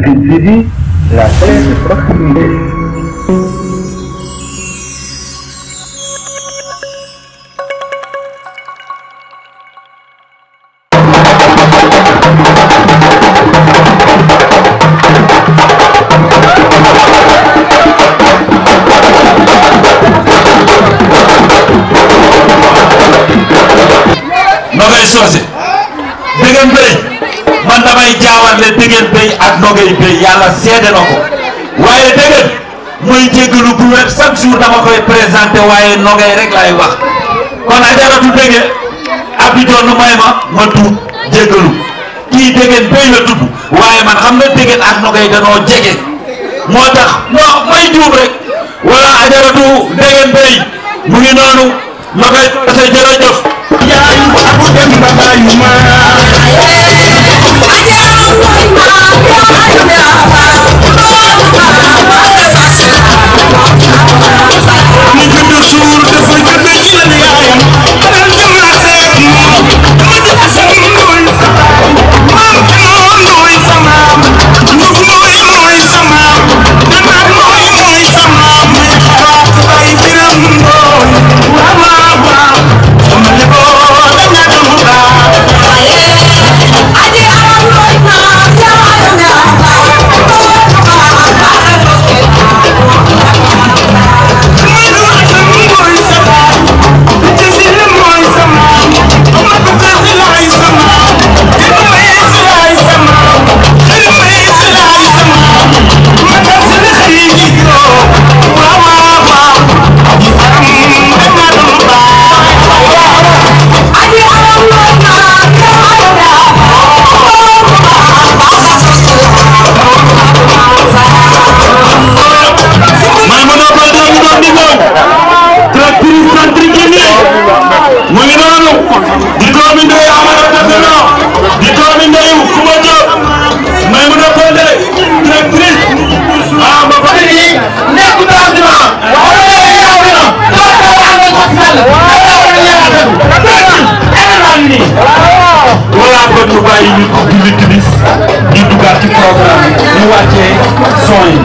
dis la paix de proximité. toujours dama koy présenté waaye Nogay rek laay wax kon ajaratu dégg ab yi doon may ma ma tuut jéggalu kii déggeen béy la tudd waaye man xam nga déggeen ak Nogay danoo jege moo tax non may juum rek wala ajaratu déggeen béy mu ngi noonu Nogay parce que jërëjëf yaay bu dem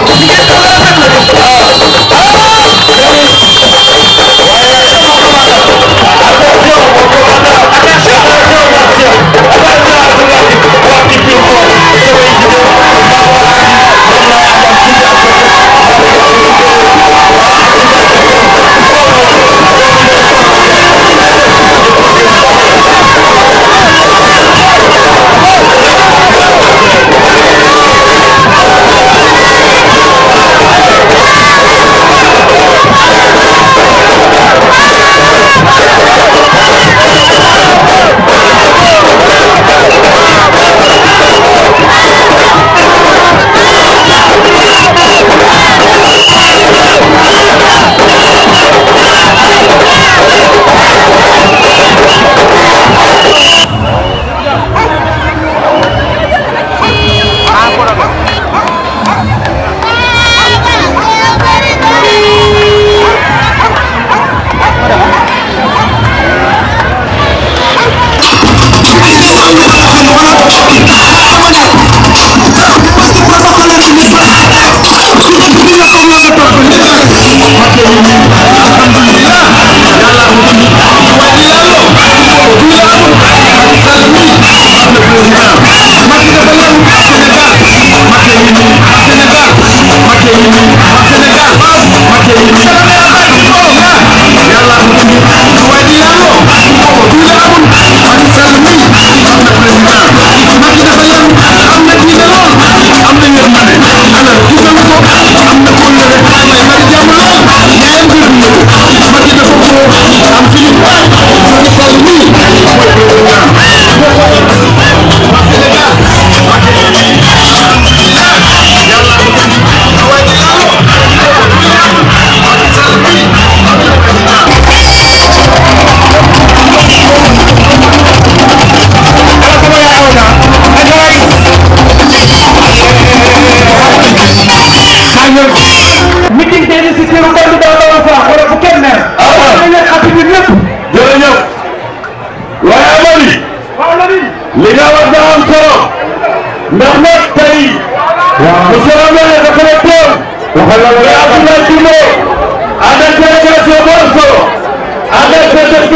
Mira todo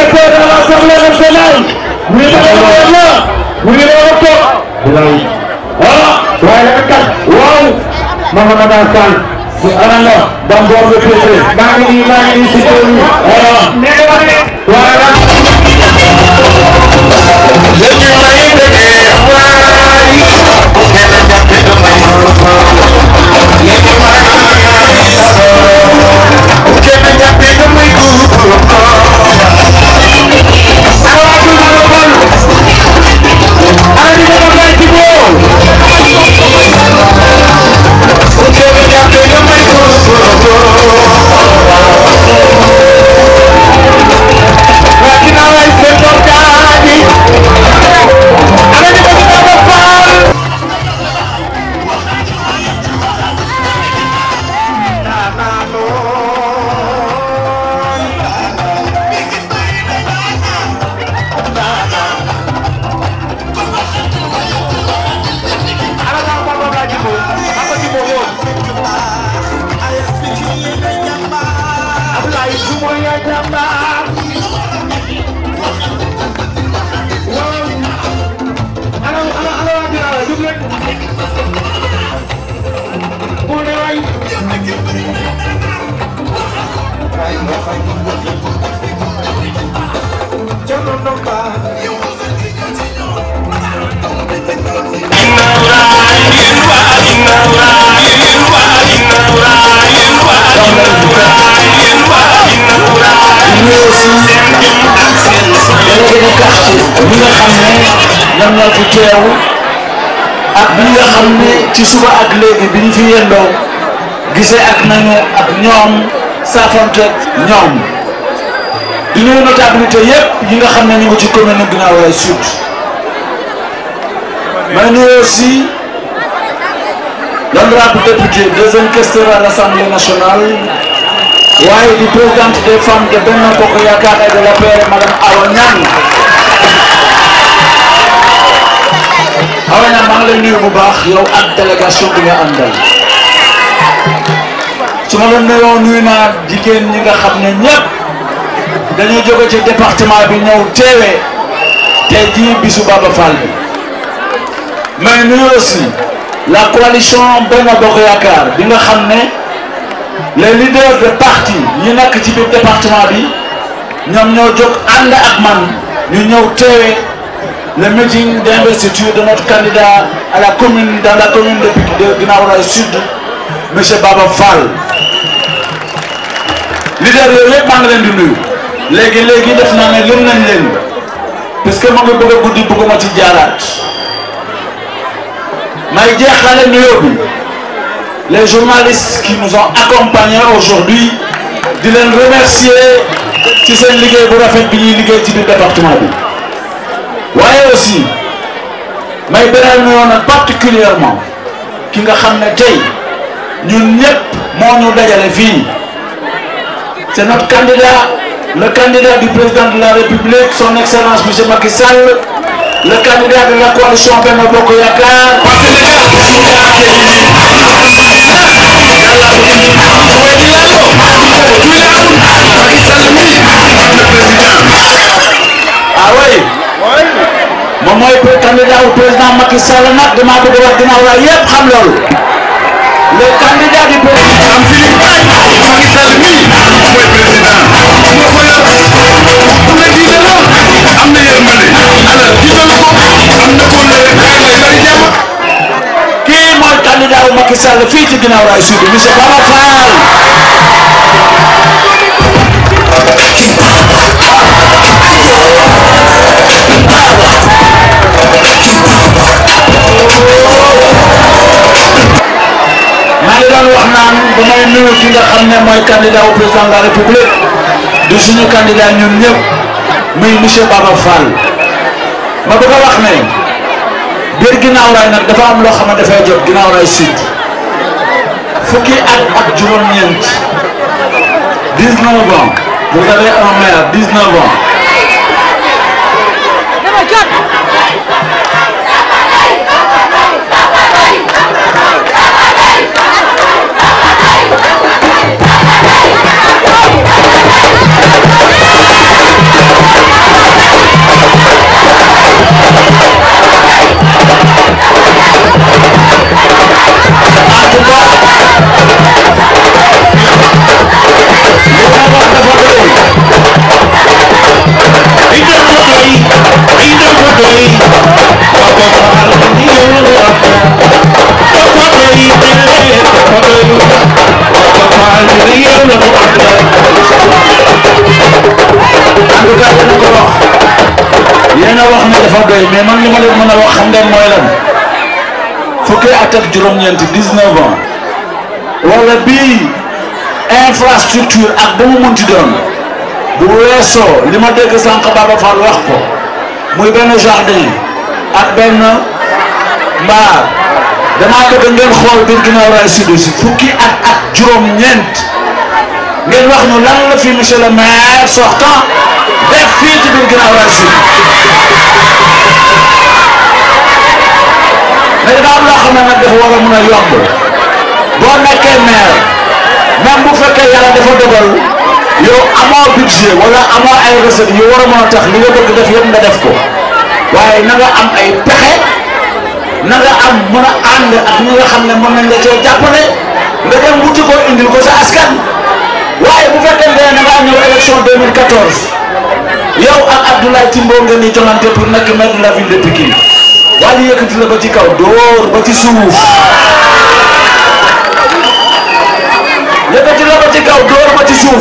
secrétaire à l'Assemblée nationale ñu ne la woon na ñu ne la woon toog. voilà. waaye dafa tàgg. waaw. Mahamad Hassane. su anan la. Bambor nga pété. maa ngi nii maa ngi nii si tool yi. voilà. voilà. léegi maa ngi dégg. teew ak bi nga xam ne ci suba ak léegi bi ñu fi yendoo gisee ak nañu ak ñoom saafante ñoom di nuyu notabilité yépp yi nga xam ne ñu ci commune Guinaw Rail Sud may nuyu aussi l'honorable député deuxième questeur à l'Assemblée nationale waaye di présidente des femmes de Benno Bokk Yaakaar et de l'APR madame Awa Niang xawe naa maa nuyu bu baax yow ak délégation bi nga àndal su ma la nuyu naa jigéen ñi nga xam ne ñëpp dañoo jóge ci département bi ñëw teewee tey jii bisu Baba Fall bi mais nuyu aussi la coalition Benno Bokk Yaakaar bi nga xam ne les leaders de parti ñi nekk ci biir département bi ñoom ñoo jóg ànd ak man ñu ñëw teewee. le meeting d'investiture de notre candidat à la commune, dans la commune de, de Guinaoura Sud, M. Baba Fall. leader de yëpp maa ngi leen di nuyu léegi léegi def naa ne lim nañ parce que ma ngi bëgg a guddi bëgguma ci jaaraat may jeexale nuyoo bi les journalistes qui nous ont accompagnés aujourd'hui de les remercier ci seen liggéey bu rafet bi ñuy liggéey ci département bi voyez aussi mais nous en a particulièrement qui nga a Nous tey ñun ñu c'est notre candidat le candidat du président de la République son excellence M. Macky Sall le candidat de la coalition Benno Bokk Yakar. ah oui mooy candidat wu président Macky Sall nag damaa bëgg wax ginnaaw la yëpp xam loolu le candidat du président am Philippe Baye Macky Sall mii mooy président moo ko yor am na jiitalu am na yërmande alors jiitalu ko am na ko le lay jàmm nuyu ki nga xam ne mooy candidat au président la république di suñu candidat ñun ñëpp muy monsieur Baba Fall ma bëgg wax ne biir ginnaaw raay nag dafa am loo xam ne dafay jot ginnaaw raay sud fukki at ak juróom-ñeent 19 ans vous avez un maire 19 ans. gay mais man li ma leen mëna wax xam ngeen mooy lan fukki at ak juróom-ñeent 19 ans wala bii infrastructure ak ba mu munti doon bu weesoo li ma dégg sànq Baba Fall wax ko muy benn jardin ak benn mbaar damaa bëgg ngeen xool biir ginnaaw raay sud si fukki at ak juróom-ñeent ngeen wax ñu lan la fi monsieur le maire sortant def fii ci biir Guinaw Rail mais dafa am loo xam ne nag war a mën a yomb boo nekkee maire même bu fekkee yàlla dafa dogal yow amoo budget wala amoo ay recette yu war a mën a tax li nga bëgg def yëpp nga def ko waaye na nga am ay pexe na nga am mën a ànd ak ñi nga xam ne mën nañ la cee jàppale nga dem wuti ko indil ko sa askan waaye bu fekkee ne da nga ñëw élection 2014. yow ak Abdoulaye Timbo ngeen ni jonganté pour nak mer la ville de pekin Wally yekati la ba ci kaw dóor ba ci souf yekati la ba ci kaw dóor ba ci souf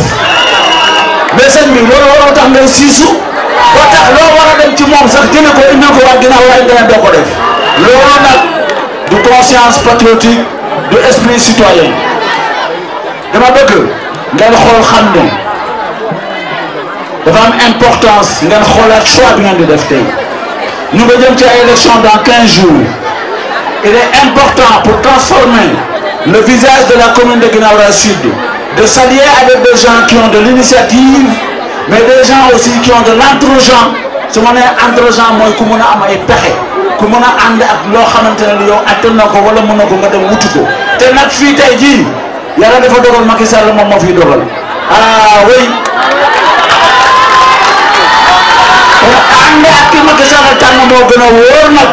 mais sëñ mi loolu waroo tax ngay sisu ba tax lo war dem ci mom sax jëlee ko indi ko waa dina waaye dina doo ko def lo nak du conscience patriotique du esprit citoyen dama bëgg ngay xol xam dafa am importance ngeen xoolaat choix bi ngeen di def tey ñu nga jëm ci élection dans quinze jours il est important pour transformer le visage de la commune de Guinaw Sud de s'allier avec des gens qui ont de l'initiative mais des gens aussi qui ont de l'entre-gens su ma nee entre-gens mooy ku mën a am ay pexe ku mën a ànd ak loo xamante ne ni yow attan na ko wala mën na ko nga dem wuti ko te nag fii tey jii yàlla dafa dogal Macky Sall moom moo fiy dogal ah oui. ànd ak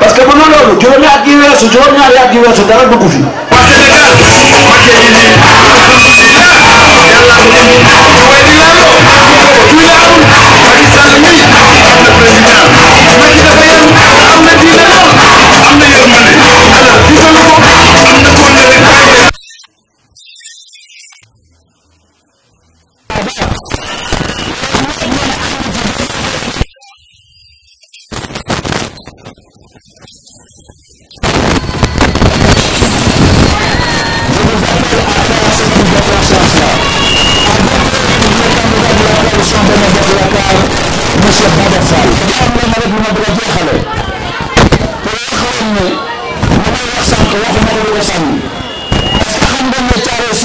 parce que bu ñu loolu juróomi at yi weesu juróom-ñaari at yi weesu dara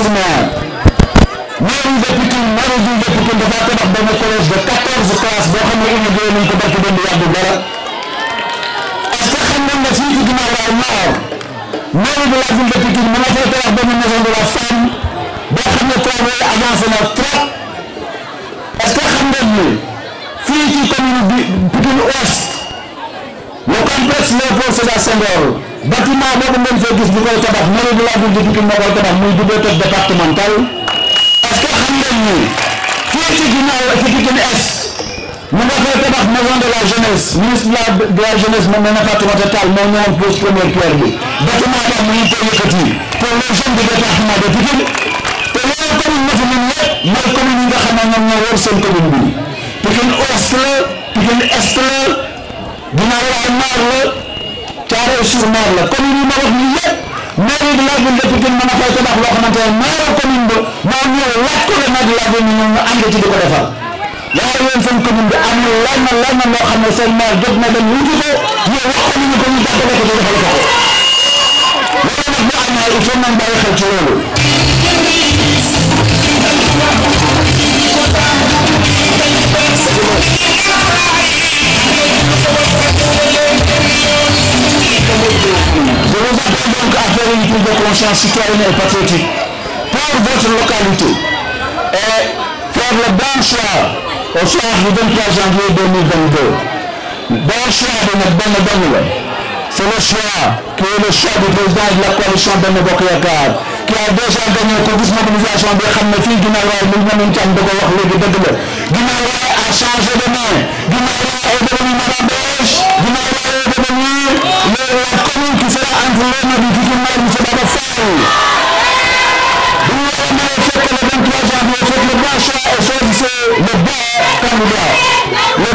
malheureusement ñoom depuis malheureusement depuis que dafa tabax benn collège de quatorze classes boo xam ne inauguré nañ ko barki démb yàgg dara est-ce que xam nga fii ci ginnaaw raay noor mairie de la ville de Pikine mën na fay tabax benn maison de la femme boo xam ne travaux yi avancé na trop est-ce que xam nga ni fii ci commune bi Pikine Ouest le complexe Léopold Sédar Senghor bâtiment boobu ngeen fee gis ñu koy tabax mairie de la ville de Pikine moo koy tabax muy bibliothèque départementale parce que xam ngeen ni fii ci ginnaaw ci Pikine Est mu nga fee tabax maison de la jeunesse ministre de la jeunesse moom Néné Fatoumata Tall moo ñëwoon pose première pierre bi bâtiment boobu mu ngi koy yëkkati pour les jeunes du département de Pikine te loolu commune na fi ñun ñëpp mooy commune yi nga xam ne ñoom ñoo wër seen commune bi Pikine Ouest la Pikine Est la ginnaaw Waar la sur mer la commune yi ma wax nii yëpp mairie de Lagune de Pikine mën a fay tabax loo xamante ne maire commune ba moo ñëw laaj ko la maire de Lagune ñu ñu ànd ci di ko defal waaye yéen seen commune bi am na lan na lan na loo xam ne seen maire jot na dem wuti ko ñu wax ko ñu ko ñu jàppale ko ci defal ko loolu nag bu amee il faut nañ bàyyi xel ci loolu Thank you. Je vous appelle donc à faire une prise de conscience citoyenne et patriotique pour votre localité et faire le bon choix au soir du 24 janvier 2022. Bon choix de notre bonne C'est le choix qui est le choix du président de la coalition de qui a déjà gagné mobilisation a changé de main Gouvernement bi jiitu maire monsieur Baba Fall. bu ñu waree maye fekk le 23 janvier fekk le bon choix et choisissez le bon candidat.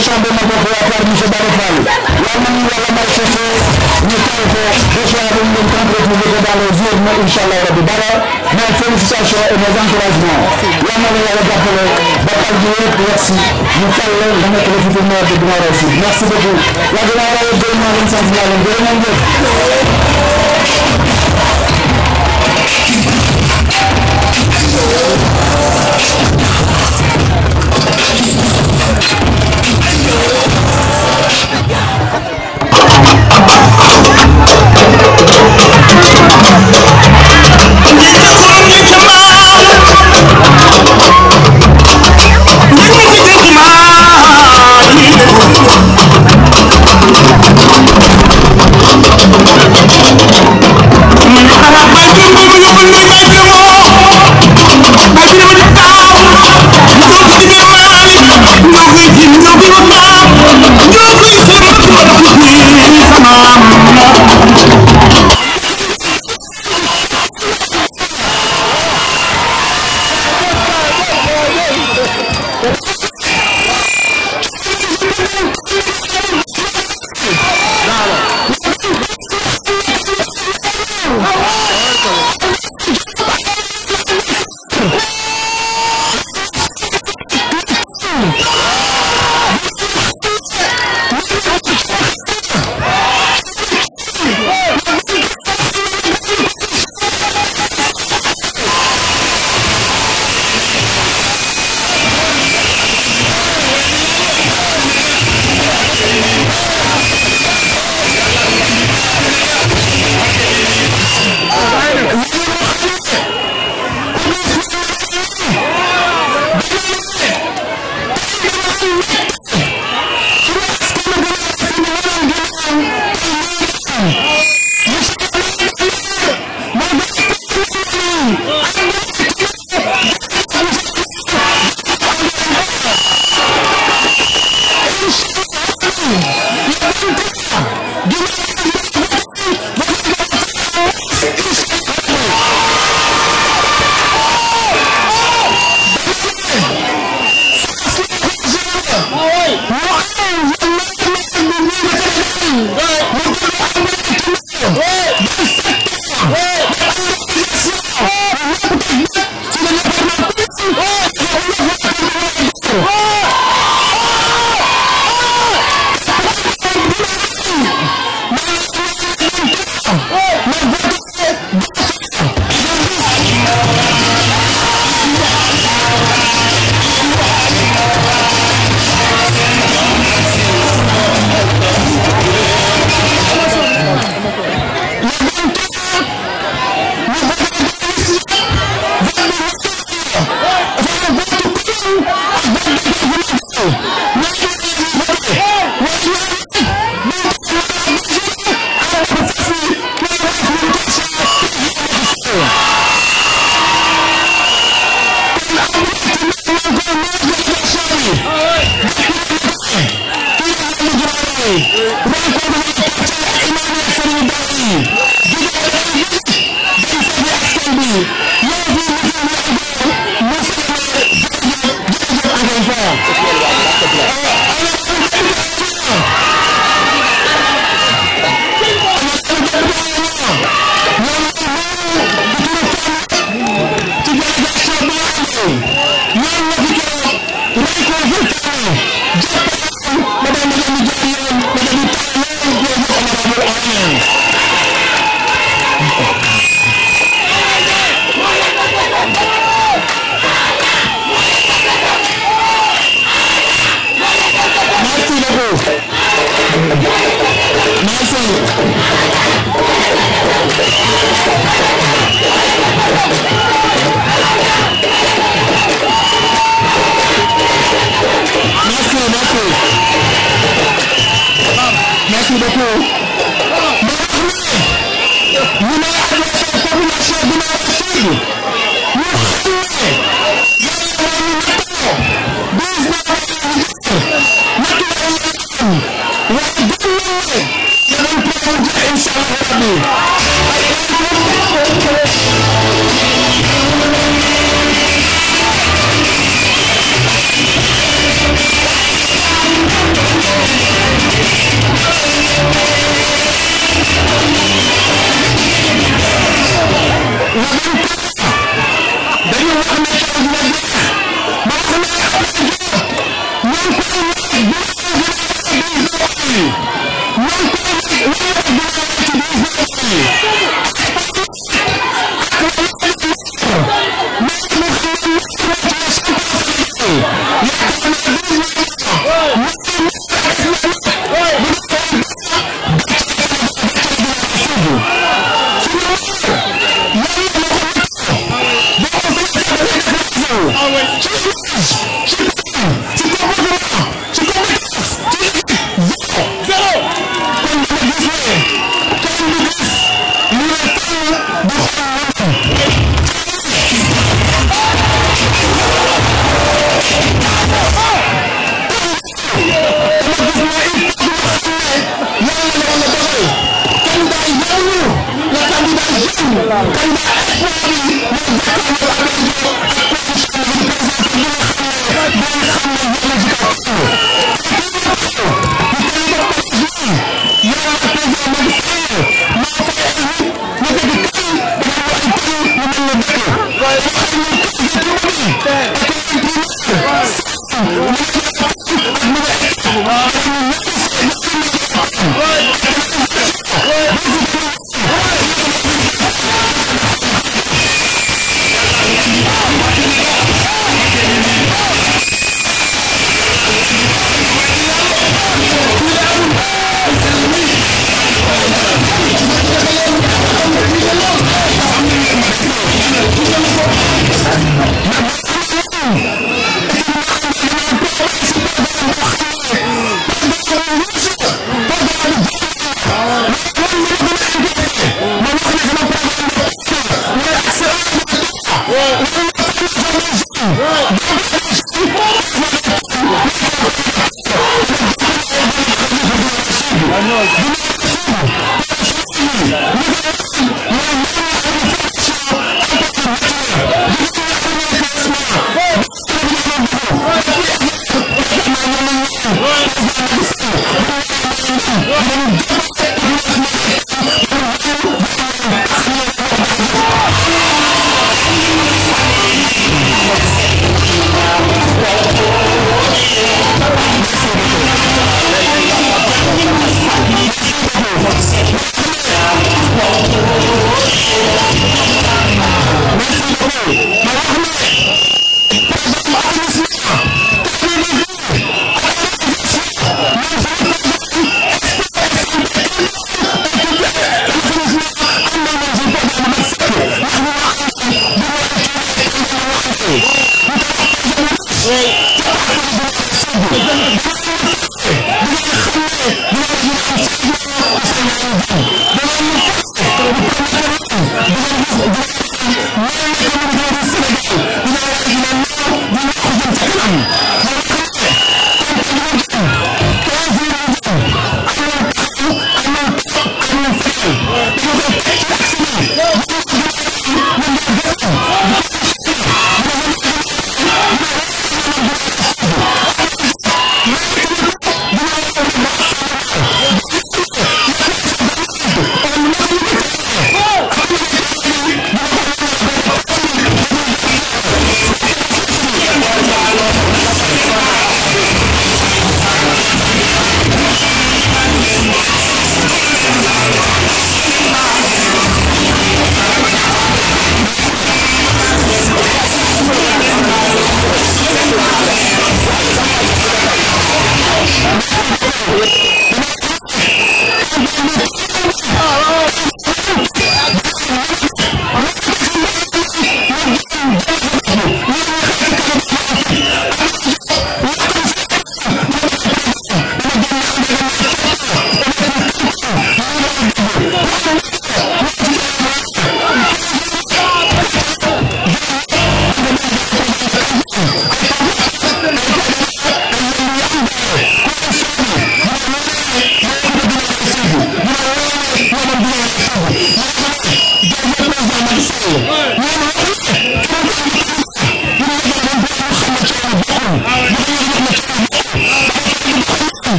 coalition Benno Bokk Yaakaar monsieur Bara Fall yal nañu yàlla may fexe ñu taw ko région bi ñu ngi concrétiser ko dans les jours mais incha allah rabbi Bara mes félicitations et mes encouragements yal na la yàlla jàppale ba taw bi yëpp yegg si ñu fal la nga nekk le futur maire de Guinaw Rail merci beaucoup waa Guinaw Rail gërëm naa leen sant naa leen jërë ngeen jëf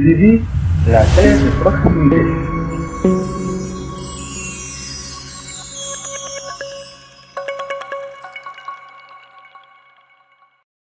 تبتدي لا تهدف رقم ليش